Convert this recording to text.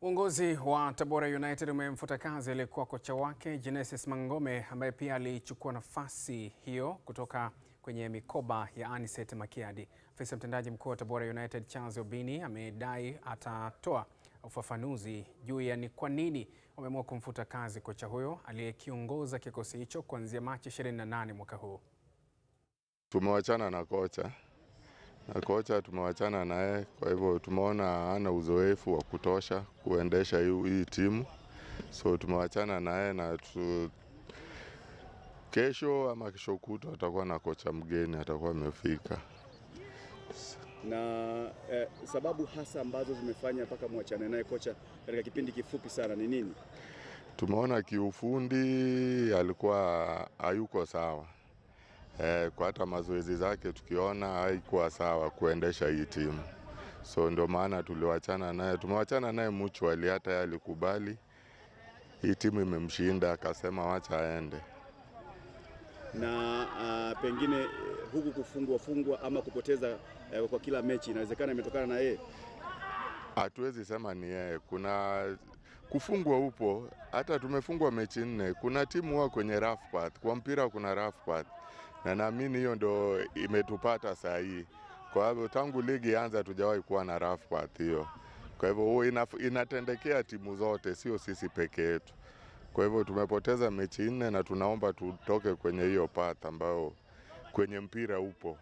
Uongozi wa Tabora United umemfuta kazi aliyekuwa kocha wake Genesis Mangome ambaye pia alichukua nafasi hiyo kutoka kwenye mikoba ya aniset Makiadi. Afisa mtendaji mkuu wa Tabora United Charles Obini amedai atatoa ufafanuzi juu ya ni kwa nini wameamua kumfuta kazi kocha huyo aliyekiongoza kikosi hicho kuanzia Machi 28 mwaka huu. Tumewachana na kocha kocha tumewachana naye, kwa hivyo tumeona ana uzoefu wa kutosha kuendesha hii timu, so tumewachana naye na tu... kesho ama kesho kutwa atakuwa na kocha mgeni atakuwa amefika na eh, sababu hasa ambazo zimefanya mpaka mwachane naye kocha katika kipindi kifupi sana ni nini? Tumeona kiufundi alikuwa hayuko sawa eh, kwa hata mazoezi zake tukiona haikuwa sawa kuendesha hii timu, so ndio maana tuliwachana naye, tumewachana naye mutually, hata yeye alikubali hii timu imemshinda akasema wacha aende na uh, pengine eh, huku kufungwa fungwa ama kupoteza uh, kwa kila mechi inawezekana imetokana na yeye. Hatuwezi sema ni yeye, kuna kufungwa upo, hata tumefungwa mechi nne. Kuna timu huwa kwenye rough path, kwa mpira kuna rough path na naamini hiyo ndo imetupata saa hii. Kwa hivyo tangu ligi anza tujawahi kuwa na rough patch hiyo. Kwa hivyo huo inatendekea timu zote, sio sisi peke yetu. Kwa hivyo tumepoteza mechi nne na tunaomba tutoke kwenye hiyo path ambayo kwenye mpira upo.